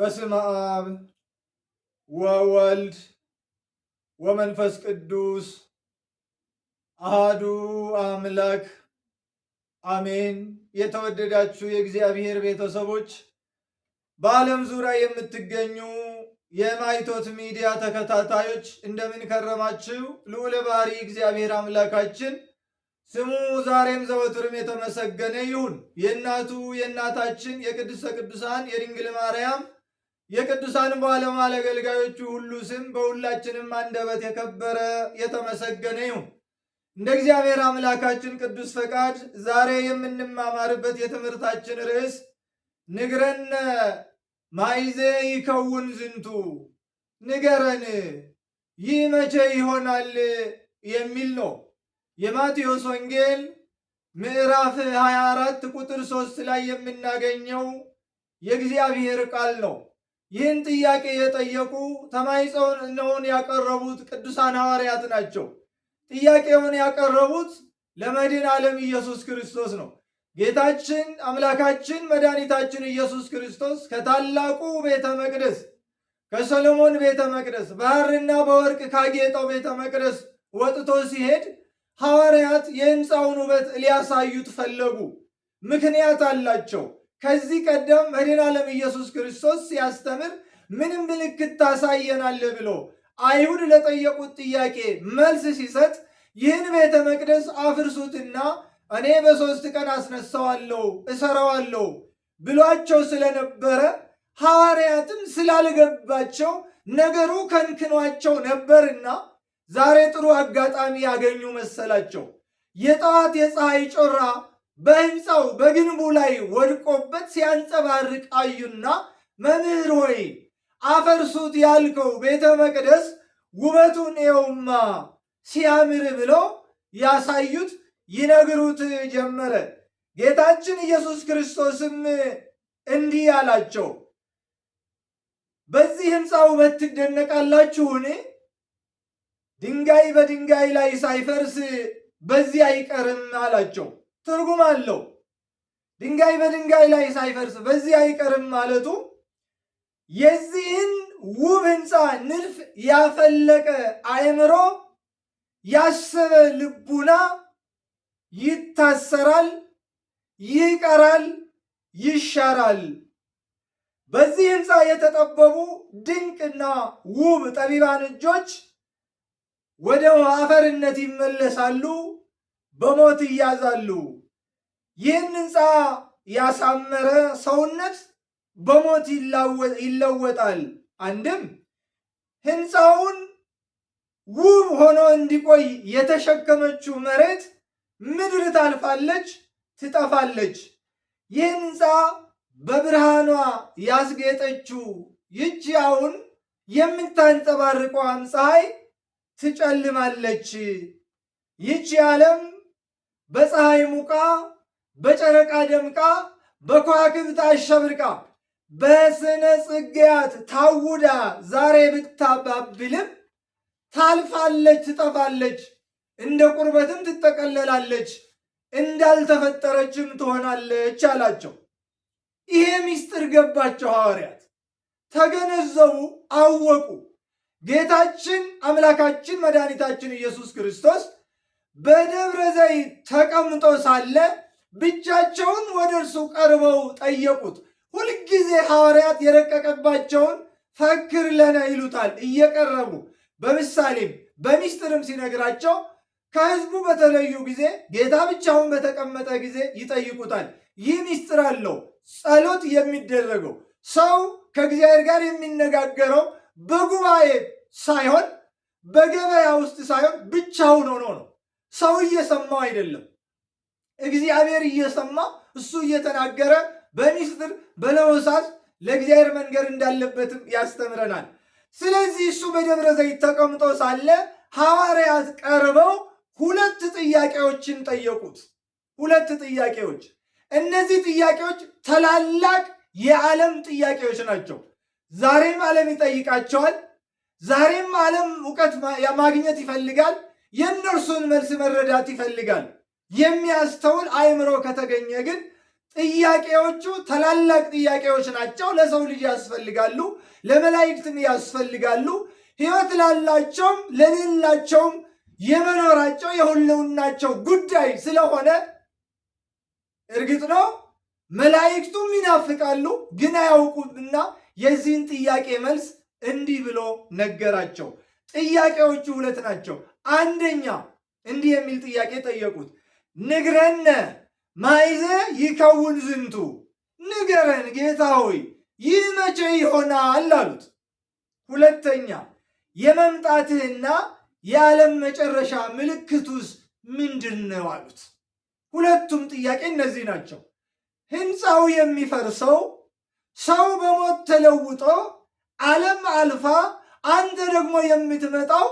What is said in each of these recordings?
በስመ አብ ወወልድ ወመንፈስ ቅዱስ አሃዱ አምላክ አሜን። የተወደዳችሁ የእግዚአብሔር ቤተሰቦች በዓለም ዙሪያ የምትገኙ የማይቶት ሚዲያ ተከታታዮች እንደምን ከረማችሁ? ልዑለ ባህሪ እግዚአብሔር አምላካችን ስሙ ዛሬም ዘወትርም የተመሰገነ ይሁን። የእናቱ የእናታችን የቅድስተ ቅዱሳን የድንግል ማርያም የቅዱሳን በዓለማል አገልጋዮቹ ሁሉ ስም በሁላችንም አንደበት የከበረ የተመሰገነ ይሁን። እንደ እግዚአብሔር አምላካችን ቅዱስ ፈቃድ ዛሬ የምንማማርበት የትምህርታችን ርዕስ ንግረነ ማይዜ ይከውን ዝንቱ፣ ንገረን ይህ መቼ ይሆናል የሚል ነው። የማቴዎስ ወንጌል ምዕራፍ 24 ቁጥር 3 ላይ የምናገኘው የእግዚአብሔር ቃል ነው። ይህን ጥያቄ የጠየቁ ተማይፀውን ያቀረቡት ቅዱሳን ሐዋርያት ናቸው። ጥያቄውን ያቀረቡት ለመድን ዓለም ኢየሱስ ክርስቶስ ነው። ጌታችን አምላካችን መድኃኒታችን ኢየሱስ ክርስቶስ ከታላቁ ቤተ መቅደስ ከሰሎሞን ቤተ መቅደስ በሐርና በወርቅ ካጌጠው ቤተ መቅደስ ወጥቶ ሲሄድ ሐዋርያት የሕንፃውን ውበት ሊያሳዩት ፈለጉ። ምክንያት አላቸው። ከዚህ ቀደም ዓለም ኢየሱስ ክርስቶስ ሲያስተምር ምንም ምልክት ታሳየናል ብሎ አይሁድ ለጠየቁት ጥያቄ መልስ ሲሰጥ ይህን ቤተ መቅደስ አፍርሱትና እኔ በሦስት ቀን አስነሳዋለሁ እሰራዋለሁ ብሏቸው ስለነበረ ሐዋርያትም ስላልገባቸው ነገሩ ከንክኗቸው ነበርና ዛሬ ጥሩ አጋጣሚ ያገኙ መሰላቸው። የጠዋት የፀሐይ ጮራ በህንፃው በግንቡ ላይ ወድቆበት ሲያንጸባርቅ አዩና፣ መምህር ሆይ አፈርሱት ያልከው ቤተ መቅደስ ውበቱን የውማ ሲያምር ብለው ያሳዩት ይነግሩት ጀመረ። ጌታችን ኢየሱስ ክርስቶስም እንዲህ አላቸው፣ በዚህ ህንፃ ውበት ትደነቃላችሁን? ድንጋይ በድንጋይ ላይ ሳይፈርስ በዚህ አይቀርም አላቸው። ትርጉም አለው። ድንጋይ በድንጋይ ላይ ሳይፈርስ በዚህ አይቀርም ማለቱ የዚህን ውብ ሕንፃ ንድፍ ያፈለቀ አእምሮ ያሰበ ልቡና ይታሰራል፣ ይቀራል፣ ይሻራል። በዚህ ሕንፃ የተጠበቡ ድንቅና ውብ ጠቢባን እጆች ወደ አፈርነት ይመለሳሉ፣ በሞት ይያዛሉ። ይህን ሕንፃ ያሳመረ ሰውነት በሞት ይለወጣል። አንድም ሕንፃውን ውብ ሆኖ እንዲቆይ የተሸከመችው መሬት ምድር ታልፋለች፣ ትጠፋለች። ይህ ሕንፃ በብርሃኗ ያስጌጠችው ይቺ አሁን የምታንጸባርቀዋም ፀሐይ ትጨልማለች። ይቺ ዓለም በፀሐይ ሙቃ በጨረቃ ደምቃ በከዋክብት አሸብርቃ በስነ ጽጌያት ታውዳ ዛሬ ብታባብልም ታልፋለች፣ ትጠፋለች፣ እንደ ቁርበትም ትጠቀለላለች፣ እንዳልተፈጠረችም ትሆናለች አላቸው። ይሄ ምስጢር ገባቸው ሐዋርያት፣ ተገነዘቡ፣ አወቁ። ጌታችን አምላካችን መድኃኒታችን ኢየሱስ ክርስቶስ በደብረ ዘይት ተቀምጦ ሳለ ብቻቸውን ወደ እርሱ ቀርበው ጠየቁት። ሁልጊዜ ሐዋርያት የረቀቀባቸውን ፈክር ለነ ይሉታል። እየቀረቡ በምሳሌም በሚስጥርም ሲነግራቸው ከሕዝቡ በተለዩ ጊዜ ጌታ ብቻውን በተቀመጠ ጊዜ ይጠይቁታል። ይህ ሚስጥር አለው። ጸሎት የሚደረገው ሰው ከእግዚአብሔር ጋር የሚነጋገረው በጉባኤ ሳይሆን በገበያ ውስጥ ሳይሆን ብቻውን ሆኖ ነው። ሰው እየሰማው አይደለም። እግዚአብሔር እየሰማ እሱ እየተናገረ በሚስጥር በለወሳስ ለእግዚአብሔር መንገድ እንዳለበትም ያስተምረናል። ስለዚህ እሱ በደብረ ዘይት ተቀምጦ ሳለ ሐዋርያት ቀርበው ሁለት ጥያቄዎችን ጠየቁት። ሁለት ጥያቄዎች። እነዚህ ጥያቄዎች ታላላቅ የዓለም ጥያቄዎች ናቸው። ዛሬም ዓለም ይጠይቃቸዋል። ዛሬም ዓለም እውቀት ማግኘት ይፈልጋል። የእነርሱን መልስ መረዳት ይፈልጋል። የሚያስተውል አእምሮ ከተገኘ ግን ጥያቄዎቹ ታላላቅ ጥያቄዎች ናቸው። ለሰው ልጅ ያስፈልጋሉ፣ ለመላእክትም ያስፈልጋሉ። ሕይወት ላላቸውም ለሌላቸውም የመኖራቸው የሁለውናቸው ጉዳይ ስለሆነ እርግጥ ነው መላእክቱም ይናፍቃሉ፣ ግን አያውቁምና የዚህን ጥያቄ መልስ እንዲህ ብሎ ነገራቸው። ጥያቄዎቹ ሁለት ናቸው። አንደኛ እንዲህ የሚል ጥያቄ ጠየቁት ንግረነ ማይዘ ይከውን ዝንቱ ንገረን ጌታ ሆይ ይህ መቼ ይሆናል አሉት። ሁለተኛ የመምጣትህና የዓለም መጨረሻ ምልክቱስ ምንድን ነው አሉት። ሁለቱም ጥያቄ እነዚህ ናቸው። ህንፃው የሚፈርሰው ሰው በሞት ተለውጦ ዓለም አልፋ አንተ ደግሞ የምትመጣው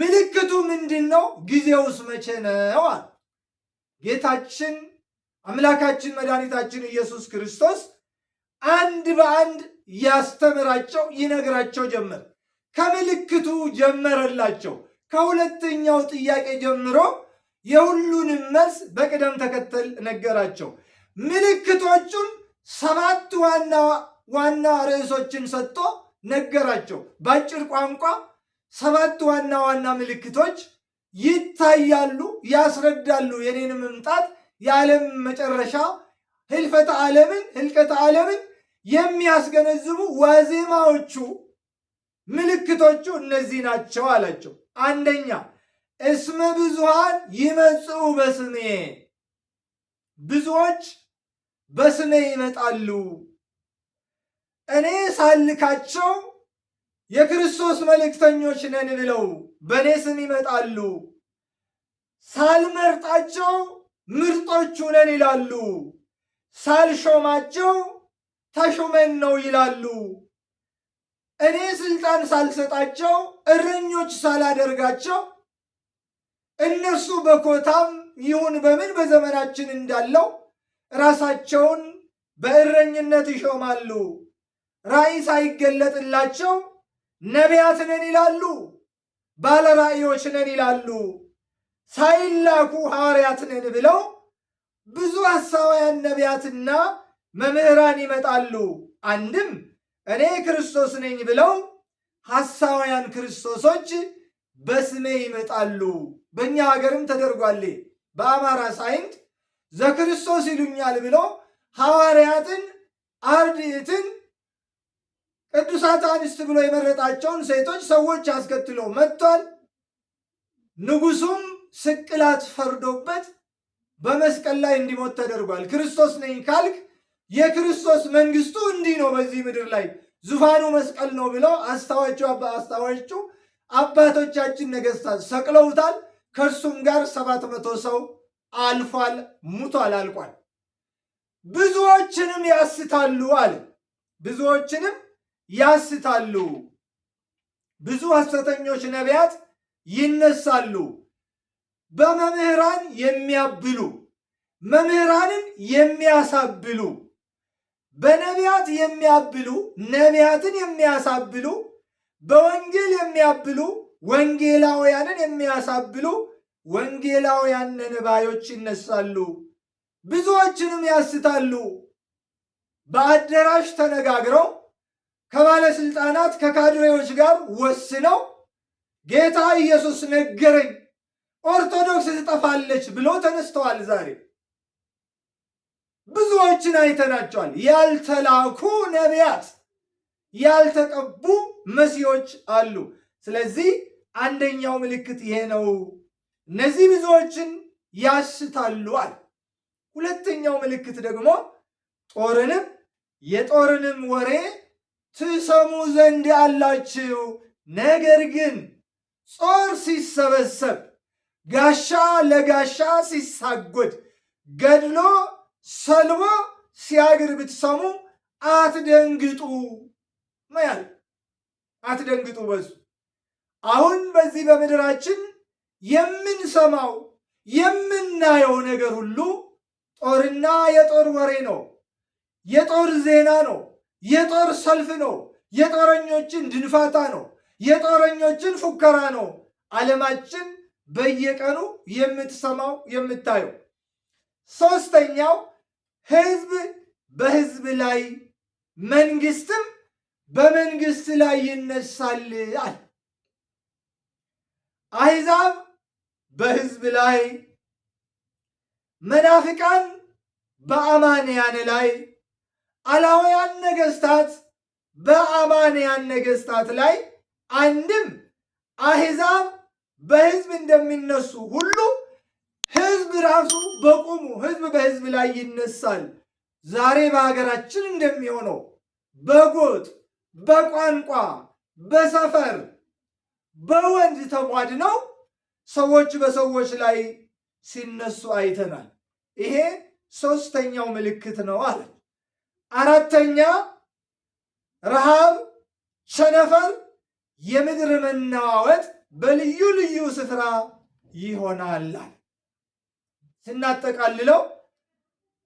ምልክቱ ምንድን ነው? ጊዜውስ መቼ ነው አሉ። ጌታችን አምላካችን መድኃኒታችን ኢየሱስ ክርስቶስ አንድ በአንድ ያስተምራቸው ይነግራቸው ጀመር። ከምልክቱ ጀመረላቸው። ከሁለተኛው ጥያቄ ጀምሮ የሁሉንም መልስ በቅደም ተከተል ነገራቸው። ምልክቶቹም ሰባት ዋና ዋና ርዕሶችን ሰጥቶ ነገራቸው። በአጭር ቋንቋ ሰባት ዋና ዋና ምልክቶች ይታያሉ፣ ያስረዳሉ የኔን መምጣት የዓለም መጨረሻ ህልፈተ ዓለምን ህልቀተ ዓለምን የሚያስገነዝቡ ዋዜማዎቹ ምልክቶቹ እነዚህ ናቸው አላቸው። አንደኛ እስመ ብዙሃን ይመጽኡ በስሜ ብዙዎች በስሜ ይመጣሉ እኔ ሳልካቸው የክርስቶስ መልእክተኞች ነን ብለው በእኔ ስም ይመጣሉ፣ ሳልመርጣቸው ምርጦቹ ነን ይላሉ፣ ሳልሾማቸው ተሾመን ነው ይላሉ። እኔ ስልጣን ሳልሰጣቸው እረኞች ሳላደርጋቸው እነርሱ በኮታም ይሁን በምን በዘመናችን እንዳለው ራሳቸውን በእረኝነት ይሾማሉ። ራእይ ሳይገለጥላቸው ነቢያት ነን ይላሉ፣ ባለ ራእዮች ነን ይላሉ፣ ሳይላኩ ሐዋርያት ነን ብለው ብዙ ሐሳውያን ነቢያትና መምህራን ይመጣሉ። አንድም እኔ ክርስቶስ ነኝ ብለው ሐሳውያን ክርስቶሶች በስሜ ይመጣሉ። በእኛ ሀገርም ተደርጓል። በአማራ ሳይንት ዘክርስቶስ ይሉኛል ብለው ሐዋርያትን አርድእትን ቅዱሳት አንስት ብሎ የመረጣቸውን ሴቶች ሰዎች አስከትለው መጥቷል። ንጉሱም ስቅላት ፈርዶበት በመስቀል ላይ እንዲሞት ተደርጓል። ክርስቶስ ነኝ ካልክ የክርስቶስ መንግስቱ እንዲህ ነው፣ በዚህ ምድር ላይ ዙፋኑ መስቀል ነው ብለ አስታዋቹ አስታዋቹ አባቶቻችን ነገስታት ሰቅለውታል። ከእርሱም ጋር ሰባት መቶ ሰው አልፏል፣ ሙቷል፣ አልቋል። ብዙዎችንም ያስታሉ አለ ብዙዎችንም ያስታሉ፣ ብዙ ሐሰተኞች ነቢያት ይነሳሉ፣ በመምህራን የሚያብሉ መምህራንን የሚያሳብሉ በነቢያት የሚያብሉ ነቢያትን የሚያሳብሉ በወንጌል የሚያብሉ ወንጌላውያንን የሚያሳብሉ ወንጌላውያን ነባዮች ይነሳሉ፣ ብዙዎችንም ያስታሉ። በአዳራሽ ተነጋግረው ከባለስልጣናት ከካድሬዎች ጋር ወስነው ጌታ ኢየሱስ ነገረኝ፣ ኦርቶዶክስ ትጠፋለች ብለው ተነስተዋል። ዛሬ ብዙዎችን አይተናቸዋል። ያልተላኩ ነቢያት፣ ያልተቀቡ መሲዎች አሉ። ስለዚህ አንደኛው ምልክት ይሄ ነው። እነዚህ ብዙዎችን ያስታሉአል። ሁለተኛው ምልክት ደግሞ ጦርንም የጦርንም ወሬ ትሰሙ ዘንድ አላችሁ። ነገር ግን ጾር ሲሰበሰብ ጋሻ ለጋሻ ሲሳጎድ ገድሎ ሰልቦ ሲያግር ብትሰሙ አትደንግጡ ነው ያለ። አትደንግጡ በዙ አሁን በዚህ በምድራችን የምንሰማው የምናየው ነገር ሁሉ ጦርና የጦር ወሬ ነው፣ የጦር ዜና ነው። የጦር ሰልፍ ነው። የጦረኞችን ድንፋታ ነው። የጦረኞችን ፉከራ ነው። ዓለማችን በየቀኑ የምትሰማው የምታየው። ሶስተኛው ህዝብ በህዝብ ላይ መንግስትም በመንግስት ላይ ይነሳል አለ። አሕዛብ በህዝብ ላይ መናፍቃን በአማንያን ላይ አላውያን ነገስታት በአማንያን ነገስታት ላይ አንድም አሕዛብ በህዝብ እንደሚነሱ ሁሉ ህዝብ ራሱ በቁሙ ህዝብ በህዝብ ላይ ይነሳል። ዛሬ በሀገራችን እንደሚሆነው በጎጥ፣ በቋንቋ፣ በሰፈር፣ በወንድ ነው ሰዎች በሰዎች ላይ ሲነሱ አይተናል። ይሄ ሶስተኛው ምልክት ነው አለ። አራተኛ ረሃብ፣ ቸነፈር፣ የምድር መናዋወጥ በልዩ ልዩ ስፍራ ይሆናል። ስናጠቃልለው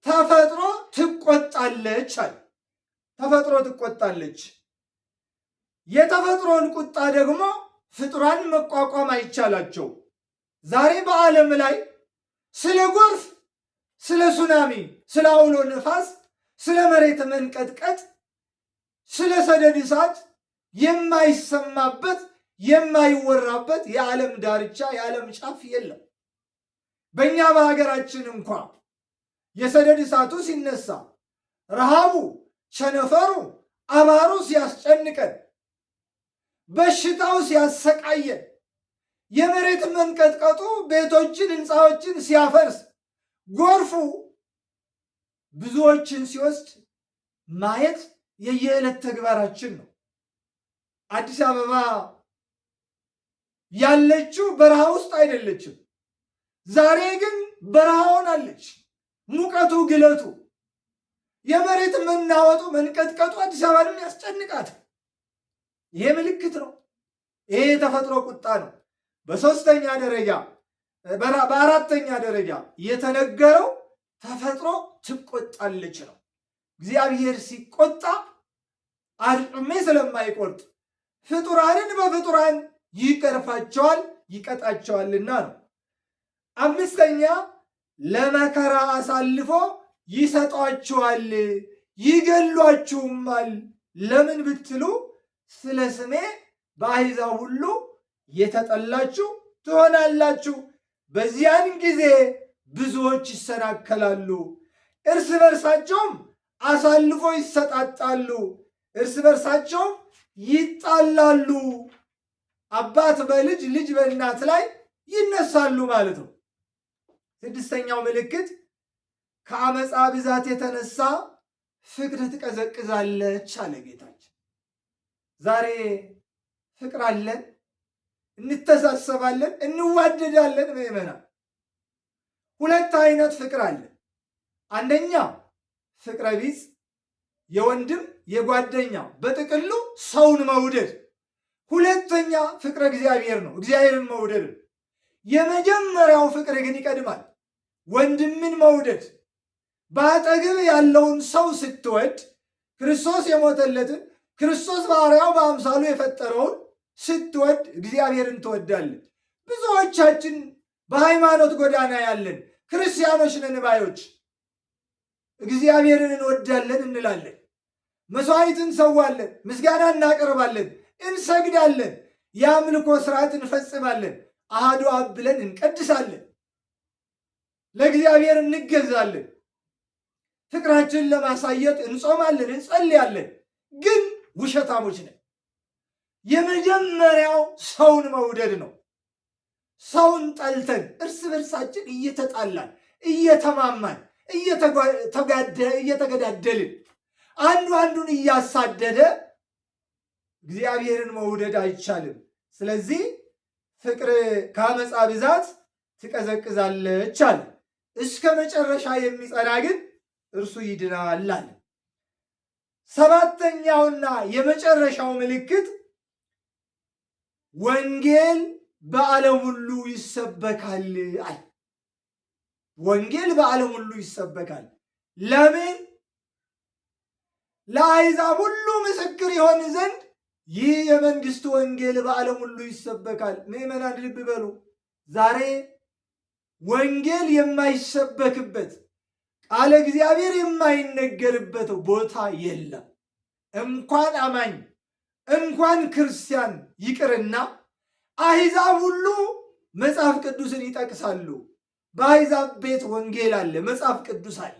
ተፈጥሮ ትቆጣለች አለ። ተፈጥሮ ትቆጣለች። የተፈጥሮን ቁጣ ደግሞ ፍጡራን መቋቋም አይቻላቸው። ዛሬ በዓለም ላይ ስለ ጎርፍ፣ ስለ ሱናሚ፣ ስለ አውሎ ነፋስ ስለ መሬት መንቀጥቀጥ፣ ስለ ሰደድ እሳት የማይሰማበት የማይወራበት የዓለም ዳርቻ የዓለም ጫፍ የለም። በእኛ በሀገራችን እንኳ የሰደድ እሳቱ ሲነሳ ረሃቡ፣ ቸነፈሩ፣ አባሩ ሲያስጨንቀን፣ በሽታው ሲያሰቃየን፣ የመሬት መንቀጥቀጡ ቤቶችን፣ ሕንፃዎችን ሲያፈርስ፣ ጎርፉ ብዙዎችን ሲወስድ ማየት የየዕለት ተግባራችን ነው። አዲስ አበባ ያለችው በረሃ ውስጥ አይደለችም። ዛሬ ግን በረሃ ሆናለች። ሙቀቱ፣ ግለቱ፣ የመሬት መናወጡ፣ መንቀጥቀጡ አዲስ አበባንም ያስጨንቃት። ይሄ ምልክት ነው። ይሄ የተፈጥሮ ቁጣ ነው። በሶስተኛ ደረጃ በአራተኛ ደረጃ የተነገረው ተፈጥሮ ትቆጣለች ነው። እግዚአብሔር ሲቆጣ አርቅሜ ስለማይቆርጥ ፍጡራንን በፍጡራን ይቀርፋቸዋል ይቀጣቸዋልና ነው። አምስተኛ ለመከራ አሳልፎ ይሰጧችኋል፣ ይገሏችሁማል። ለምን ብትሉ ስለ ስሜ በአሕዛብ ሁሉ የተጠላችሁ ትሆናላችሁ። በዚያን ጊዜ ብዙዎች ይሰናከላሉ፣ እርስ በርሳቸውም አሳልፎ ይሰጣጣሉ፣ እርስ በርሳቸውም ይጣላሉ። አባት በልጅ ልጅ በእናት ላይ ይነሳሉ ማለት ነው። ስድስተኛው ምልክት ከአመፃ ብዛት የተነሳ ፍቅር ትቀዘቅዛለች አለ ጌታችን። ዛሬ ፍቅር አለን፣ እንተሳሰባለን፣ እንዋደዳለን ምዕመናን ሁለት አይነት ፍቅር አለ። አንደኛው ፍቅረ ቢጽ የወንድም የጓደኛው በጥቅሉ ሰውን መውደድ። ሁለተኛ ፍቅረ እግዚአብሔር ነው፣ እግዚአብሔርን መውደድ። የመጀመሪያው ፍቅር ግን ይቀድማል። ወንድምን መውደድ። በአጠግብ ያለውን ሰው ስትወድ ክርስቶስ የሞተለትን ክርስቶስ በአርአያው በአምሳሉ የፈጠረውን ስትወድ እግዚአብሔርን ትወዳለን። ብዙዎቻችን በሃይማኖት ጎዳና ያለን ክርስቲያኖች ነን ባዮች እግዚአብሔርን እንወዳለን እንላለን። መስዋዕት እንሰዋለን፣ ምስጋና እናቀርባለን፣ እንሰግዳለን፣ የአምልኮ ስርዓት እንፈጽማለን፣ አህዶ አብ ብለን እንቀድሳለን፣ ለእግዚአብሔር እንገዛለን፣ ፍቅራችንን ለማሳየት እንጾማለን፣ እንጸልያለን። ግን ውሸታሞች ነን። የመጀመሪያው ሰውን መውደድ ነው። ሰውን ጠልተን እርስ በርሳችን እየተጣላን እየተማማን እየተገዳደልን አንዱ አንዱን እያሳደደ እግዚአብሔርን መውደድ አይቻልም። ስለዚህ ፍቅር ከአመፃ ብዛት ትቀዘቅዛለች አለ። እስከ መጨረሻ የሚጸና ግን እርሱ ይድናል አለ። ሰባተኛውና የመጨረሻው ምልክት ወንጌል በዓለም ሁሉ ይሰበካል አይ ወንጌል በዓለም ሁሉ ይሰበካል። ለምን? ለአሕዛብ ሁሉ ምስክር ይሆን ዘንድ ይህ የመንግስቱ ወንጌል በዓለም ሁሉ ይሰበካል። ምዕመናን ልብ በሉ። ዛሬ ወንጌል የማይሰበክበት ቃለ እግዚአብሔር የማይነገርበት ቦታ የለም። እንኳን አማኝ እንኳን ክርስቲያን ይቅርና አሕዛብ ሁሉ መጽሐፍ ቅዱስን ይጠቅሳሉ። በአሕዛብ ቤት ወንጌል አለ፣ መጽሐፍ ቅዱስ አለ፣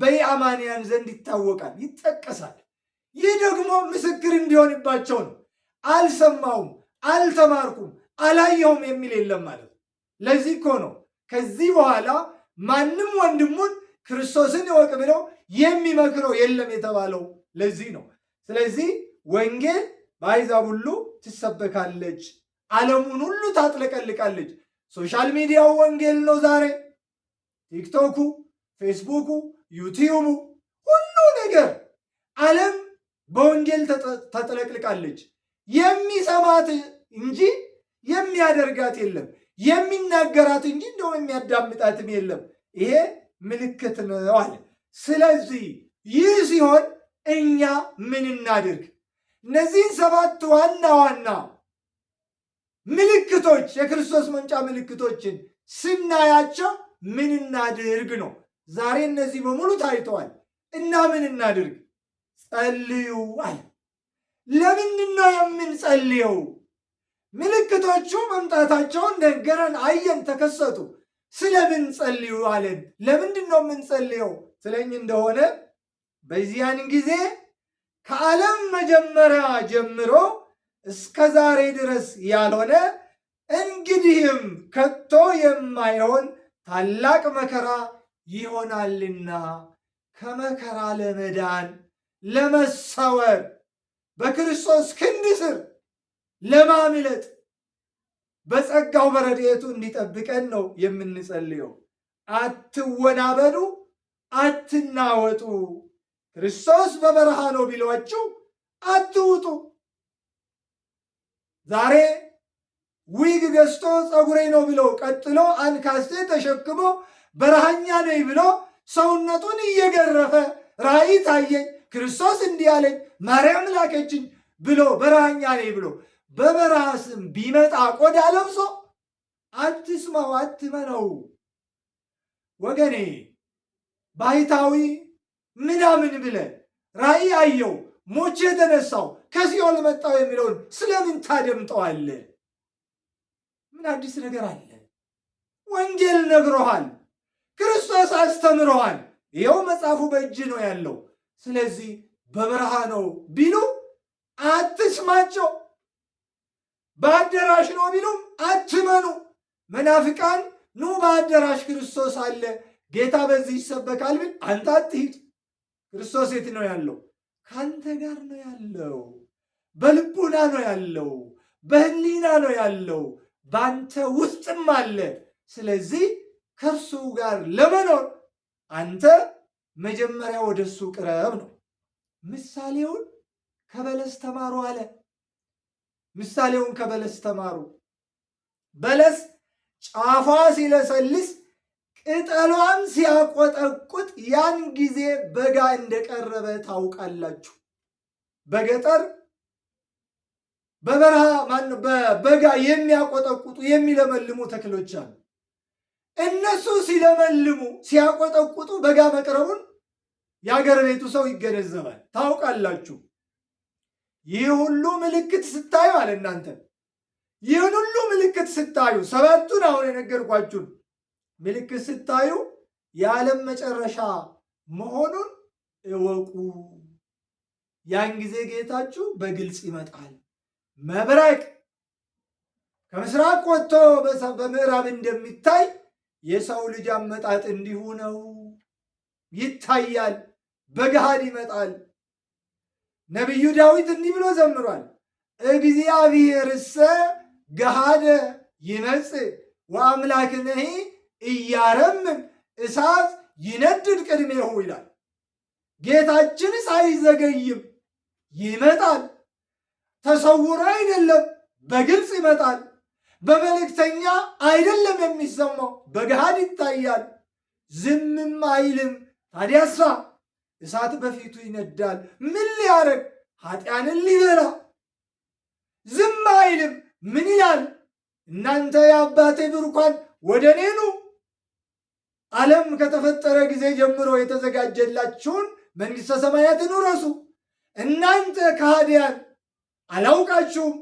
በየአማንያን ዘንድ ይታወቃል፣ ይጠቀሳል። ይህ ደግሞ ምስክር እንዲሆንባቸው ነው። አልሰማውም፣ አልተማርኩም፣ አላየውም የሚል የለም ማለት ነው። ለዚህ እኮ ነው ከዚህ በኋላ ማንም ወንድሙን ክርስቶስን ይወቅ ብለው የሚመክረው የለም የተባለው ለዚህ ነው። ስለዚህ ወንጌል በአሕዛብ ሁሉ ትሰበካለች። ዓለሙን ሁሉ ታጥለቀልቃለች። ሶሻል ሚዲያው ወንጌል ነው። ዛሬ ቲክቶኩ፣ ፌስቡኩ፣ ዩቲዩቡ ሁሉ ነገር ዓለም በወንጌል ተጥለቅልቃለች። የሚሰማት እንጂ የሚያደርጋት የለም፣ የሚናገራት እንጂ እንደውም የሚያዳምጣትም የለም። ይሄ ምልክት ነው አለ። ስለዚህ ይህ ሲሆን እኛ ምን እናድርግ? እነዚህን ሰባት ዋና ዋና ምልክቶች የክርስቶስ መምጫ ምልክቶችን ስናያቸው ምን እናድርግ ነው። ዛሬ እነዚህ በሙሉ ታይተዋል እና ምን እናድርግ? ጸልዩ አለ። ለምንድን ነው የምንጸልየው? ምልክቶቹ መምጣታቸውን ነገረን፣ አየን፣ ተከሰቱ። ስለምን ጸልዩ አለን። ለምንድን ነው የምንጸልየው ስለኝ እንደሆነ በዚያን ጊዜ ከዓለም መጀመሪያ ጀምሮ እስከ ዛሬ ድረስ ያልሆነ እንግዲህም ከቶ የማይሆን ታላቅ መከራ ይሆናልና ከመከራ ለመዳን ለመሰወር በክርስቶስ ክንድ ስር ለማምለጥ በጸጋው በረድኤቱ እንዲጠብቀን ነው የምንጸልየው። አትወናበዱ፣ አትናወጡ። ክርስቶስ በበረሃ ነው ቢሏችሁ አትውጡ። ዛሬ ዊግ ገዝቶ ፀጉሬ ነው ብሎ ቀጥሎ አንካስቴ ተሸክሞ በረሃኛ ነኝ ብሎ ሰውነቱን እየገረፈ ራእይ ታየኝ፣ ክርስቶስ እንዲህ አለኝ፣ ማርያም ላከችኝ ብሎ በረሃኛ ነኝ ብሎ በበረሃ ስም ቢመጣ ቆዳ ለብሶ አትስማው፣ አትመነው ወገኔ። ባይታዊ ምናምን ብለ ራእይ አየው ሞቼ የተነሳው ከሲኦል መጣው የሚለውን ስለምን ታደምጠዋል? ምን አዲስ ነገር አለ? ወንጌል ነግሮሃል፣ ክርስቶስ አስተምሮሃል። ይኸው መጽሐፉ በእጅ ነው ያለው። ስለዚህ በበረሃ ነው ቢሉ አትስማቸው፣ በአዳራሽ ነው ቢሉም አትመኑ። መናፍቃን ኑ በአዳራሽ ክርስቶስ አለ፣ ጌታ በዚህ ይሰበካል ብል አንተ አትሂድ። ክርስቶስ የት ነው ያለው? ከአንተ ጋር ነው ያለው። በልቡና ነው ያለው፣ በህሊና ነው ያለው፣ በአንተ ውስጥም አለ። ስለዚህ ከእርሱ ጋር ለመኖር አንተ መጀመሪያ ወደ እሱ ቅረብ ነው። ምሳሌውን ከበለስ ተማሩ አለ። ምሳሌውን ከበለስ ተማሩ። በለስ ጫፏ ሲለሰልስ ቅጠሏም ሲያቆጠቁጥ ያን ጊዜ በጋ እንደቀረበ ታውቃላችሁ። በገጠር በበረሃ በበጋ የሚያቆጠቁጡ የሚለመልሙ ተክሎች አሉ። እነሱ ሲለመልሙ ሲያቆጠቁጡ በጋ መቅረቡን የአገር ቤቱ ሰው ይገነዘባል። ታውቃላችሁ፣ ይህ ሁሉ ምልክት ስታዩ አለ እናንተ ይህን ሁሉ ምልክት ስታዩ ሰባቱን አሁን የነገርኳችሁን ምልክት ስታዩ የዓለም መጨረሻ መሆኑን እወቁ። ያን ጊዜ ጌታችሁ በግልጽ ይመጣል። መብረቅ ከምስራቅ ወጥቶ በምዕራብ እንደሚታይ የሰው ልጅ አመጣጥ እንዲሁ ነው። ይታያል፣ በገሃድ ይመጣል። ነቢዩ ዳዊት እንዲህ ብሎ ዘምሯል። እግዚአብሔርሰ ገሃደ ወአምላክ ወአምላክነሂ እያረም እሳት ይነድድ ቅድሜሁ ይላል። ጌታችን ሳይዘገይም ይመጣል። ተሰውሮ አይደለም፣ በግልጽ ይመጣል። በመልእክተኛ አይደለም የሚሰማው፣ በገሃድ ይታያል። ዝምም አይልም። ታዲያ ስራ እሳት በፊቱ ይነዳል። ምን ሊያረግ ኃጢአንን ሊበላ ዝም አይልም። ምን ይላል? እናንተ የአባቴ ብሩካን ወደ እኔ ኑ። ዓለም ከተፈጠረ ጊዜ ጀምሮ የተዘጋጀላችሁን መንግሥተ ሰማያትን ውረሱ። እናንተ ከሃዲያን አላውቃችሁም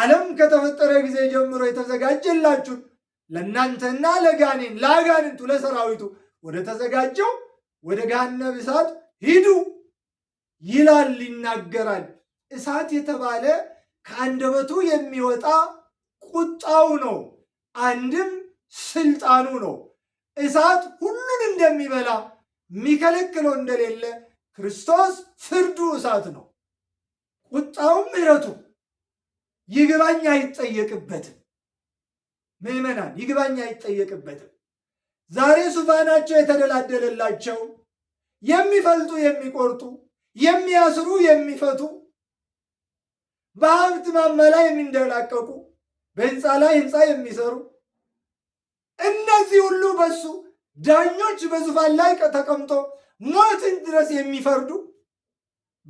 ዓለም ከተፈጠረ ጊዜ ጀምሮ የተዘጋጀላችሁ ለእናንተና ለጋኔን ለአጋንንቱ ለሰራዊቱ ወደ ተዘጋጀው ወደ ገሃነመ እሳት ሂዱ ይላል፣ ይናገራል። እሳት የተባለ ከአንደበቱ የሚወጣ ቁጣው ነው፣ አንድም ስልጣኑ ነው። እሳት ሁሉን እንደሚበላ የሚከለክለው እንደሌለ ክርስቶስ ፍርዱ እሳት ነው። ቁጣውም ምሕረቱ ይግባኝ አይጠየቅበትም። ምዕመናን ይግባኝ አይጠየቅበትም። ዛሬ ዙፋናቸው የተደላደለላቸው የሚፈልጡ የሚቆርጡ፣ የሚያስሩ የሚፈቱ፣ በሀብት ማማ ላይ የሚንደላቀቁ፣ በህንፃ ላይ ህንፃ የሚሰሩ እነዚህ ሁሉ በሱ ዳኞች በዙፋን ላይ ተቀምጦ ሞትን ድረስ የሚፈርዱ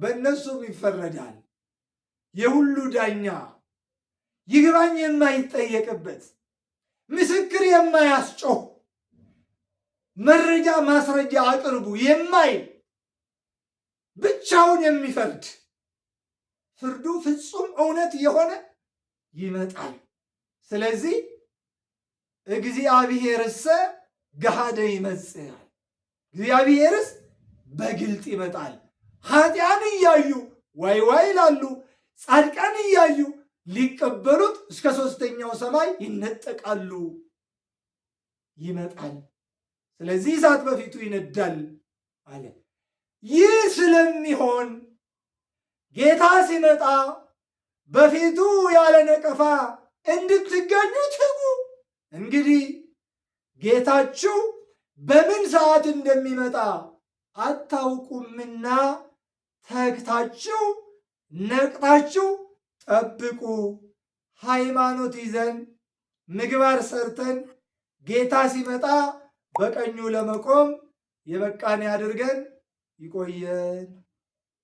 በእነሱም ይፈረዳል። የሁሉ ዳኛ ይግባኝ የማይጠየቅበት ምስክር የማያስጮህ መረጃ ማስረጃ አቅርቡ የማይል ብቻውን የሚፈርድ ፍርዱ ፍጹም እውነት የሆነ ይመጣል። ስለዚህ እግዚአብሔርሰ ገሃደ ይመጽእ እግዚአብሔርስ በግልጥ ይመጣል። ኃጢአን እያዩ ዋይ ዋይ ይላሉ። ጻድቃን እያዩ ሊቀበሉት እስከ ሶስተኛው ሰማይ ይነጠቃሉ፣ ይመጣል። ስለዚህ እሳት በፊቱ ይነዳል አለ። ይህ ስለሚሆን ጌታ ሲመጣ በፊቱ ያለ ነቀፋ እንድትገኙ ትጉ። እንግዲህ ጌታችሁ በምን ሰዓት እንደሚመጣ አታውቁምና ተግታችሁ ነቅታችሁ ጠብቁ። ሃይማኖት ይዘን ምግባር ሰርተን ጌታ ሲመጣ በቀኙ ለመቆም የበቃን ያድርገን። ይቆየን።